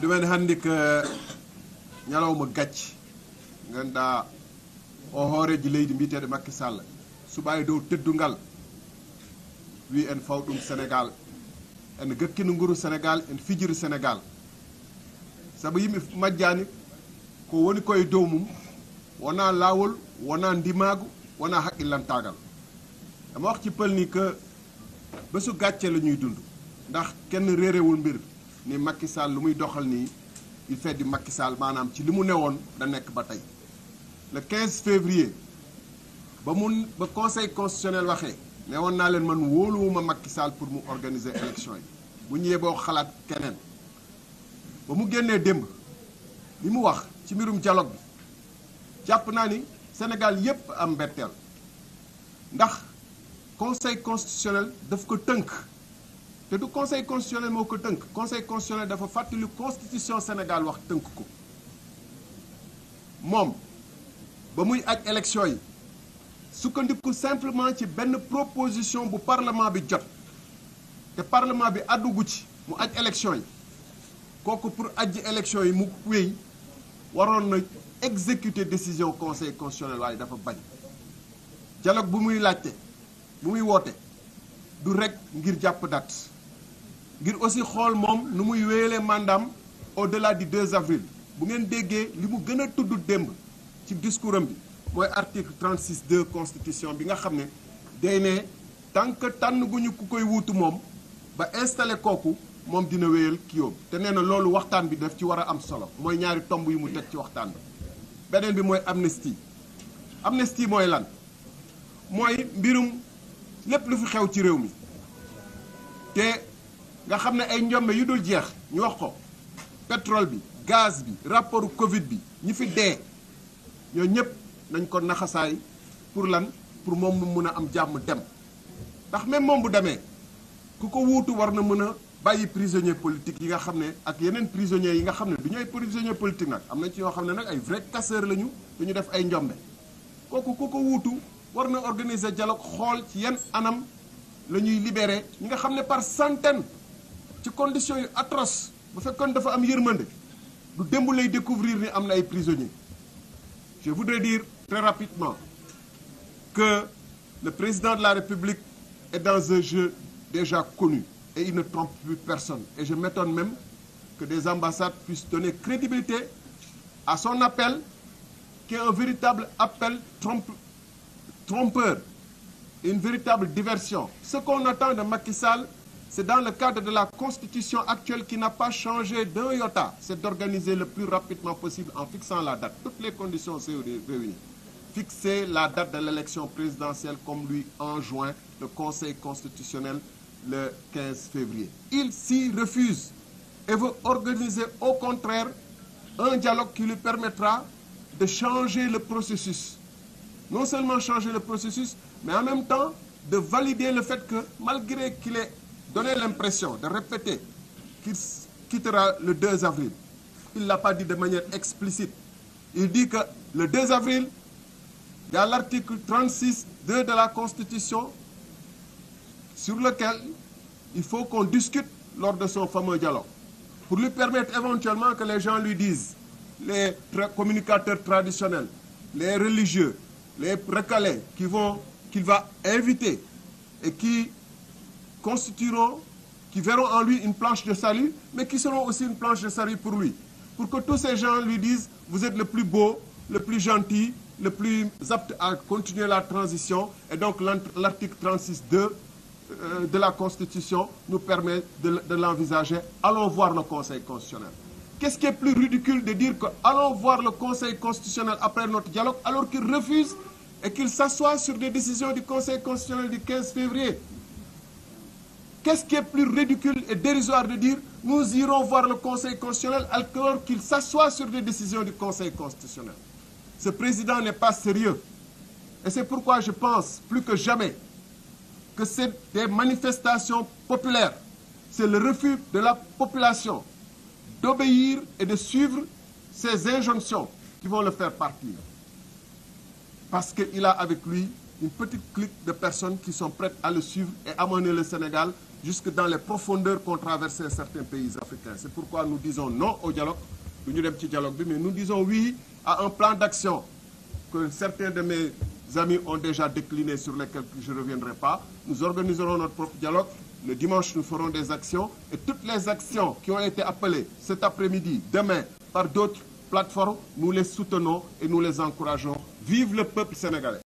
ɗumen hannde euh, ko ñalawma gacci ganduɗa o hooreji leydi mbiteɗo makky sall suɓayi dow teddungal wi en faw ɗum sénégal en gakkino nguru sénégal en fijiri sénégal saabu yimɓe majjani ko woni koye dow mum wona lawol wona ndimago wona haqillantagal ema wax ci pël ni que bésu gàcce lañuy dund ndax kenn réerewul mbir ni Macky Sall lu muy doxal nii il fait du Macky maanaam ci li mu newoon da nekk ba tey le 15 février ba mun ba conseil constitutionnel waxee ne woon naa leen man wóoluwuma Macky Sall pour mu organiser élection yi bu ñëwee boo xalaat keneen ba mu génnee démb li mu wax ci mbirum dialogue bi jàpp naa ni Sénégal yépp am mbetteel ndax conseil constitutionnel daf ko tënk te du conseil constitutionnel moo ko tënk conseil constitutionnel dafa fàttali constitution Sénégal wax tënk ko moom ba muy aj élection yi sukkandiku simplement ci benn proposition bu parlement bi jot te parlement bi àddugu ci mu aj élection yi kooku pour ajji élection yi mu wéy waroon na exécuter décision conseil constitutionnel waaye dafa bañ dialogue bu muy laajte bu muy woote du rek ngir jàpp dat ngir aussi xool moom nu muy wéyalee mandam au-delà du 2 avril bu ngeen déggee li mu gën a tudd démb ci discours am bi mooy article 36 2 constitution bi nga xam ne day ne tant que tànn gu ñu ku koy wuutu moom ba installé kooku moom dina wéyal ki yóbbu te nee na loolu waxtaan bi daf ci war a am solo mooy ñaari tomb yu mu teg ci waxtaan bi beneen bi mooy amnistie amnistie mooy lan mooy mbirum lépp lu fi xew ci réew mi te nga xam ne ay njombe yu dul jeex ñu wax ko pétrole bi gaz bi rapport Covid bi ñu fi dee ñoo ñëpp nañ ko naxasaay pour lan pour moom mu mun a am jàmm dem ndax même moom bu demee ku ko wuutu war na mën a bàyyi prisonnier politique yi nga xam ne ak yeneen prisonniers yi nga xam ne du ñooy ay prisonnier politique nag am na ci ñoo xam ne nag ay vrai casseur lañu dañu def ay njombe kooku ku ko wuutu war na organiser dialogue xool ci yan anam la ñuy libéré ñi nga xam ne par centaine ci condition yu atroce bu fekkoon dafa am yërmande du démb lay découvrir ni am na ay prisonniers je voudrais dire très rapidement que le président de la République est dans un jeu déjà connu et il ne trompe plus personne et je m'étonne même que des ambassades puissent donner crédibilité à son appel qui est un véritable appel trompe, trompeur une véritable diversion ce qu'on attend de Macky C'est dans le cadre de la constitution actuelle qui n'a pas changé d'un iota. C'est d'organiser le plus rapidement possible en fixant la date. Toutes les conditions sont réunies. Fixer la date de l'élection présidentielle comme lui enjoint le Conseil constitutionnel le 15 février. Il s'y refuse et veut organiser au contraire un dialogue qui lui permettra de changer le processus. Non seulement changer le processus, mais en même temps de valider le fait que malgré qu'il est donner l'impression de répéter qu'il quittera le 2 avril. Il ne l'a pas dit de manière que le 2 avril, il y a l'article 36.2 de la Constitution sur lequel il faut qu'on lors de son fameux dialogue. Pour lui permettre éventuellement que les gens lui disent, les tra communicateurs traditionnels, les religieux, les recalés qui va inviter et constitueront, qui verront en lui une planche de salut, mais qui seront aussi une planche de salut pour lui. Pour que tous ces gens lui disent, vous êtes le plus beau, le plus gentil, le plus apte à continuer la transition. Et donc l'article 36.2 euh, de la Constitution nous permet de l'envisager. Allons voir le Conseil constitutionnel. Qu'est-ce qui est plus ridicule de dire que allons voir le Conseil constitutionnel après notre dialogue alors qu'il refuse et qu'il s'assoit sur des décisions du Conseil constitutionnel du 15 février Qu'est-ce qui est plus ridicule et dérisoire de dire nous irons voir le Conseil constitutionnel alors qu'il s'assoit sur des décisions du Conseil constitutionnel. Ce président n'est pas sérieux. Et c'est pourquoi je pense plus que jamais que c'est des manifestations populaires. C'est le refus de la population d'obéir et de suivre ces injonctions qui vont le faire partir. Parce qu'il a avec lui une petite clique de personnes qui sont prêtes à le suivre et à mener le Sénégal jusque dans les profondeurs qu'ont traversé certains pays africains. C'est pourquoi nous disons non au dialogue, du ñu dem ci dialogue bi, mais nous disons oui à un plan d'action que certains de mes amis ont déjà décliné, sur lesquels je ne reviendrai pas. Nous organiserons notre propre dialogue. Le dimanche, nous ferons des actions et toutes les actions qui ont été appelées cet après-midi, demain, par d'autres plateformes, nous les soutenons et nous les encourageons. Vive le peuple sénégalais!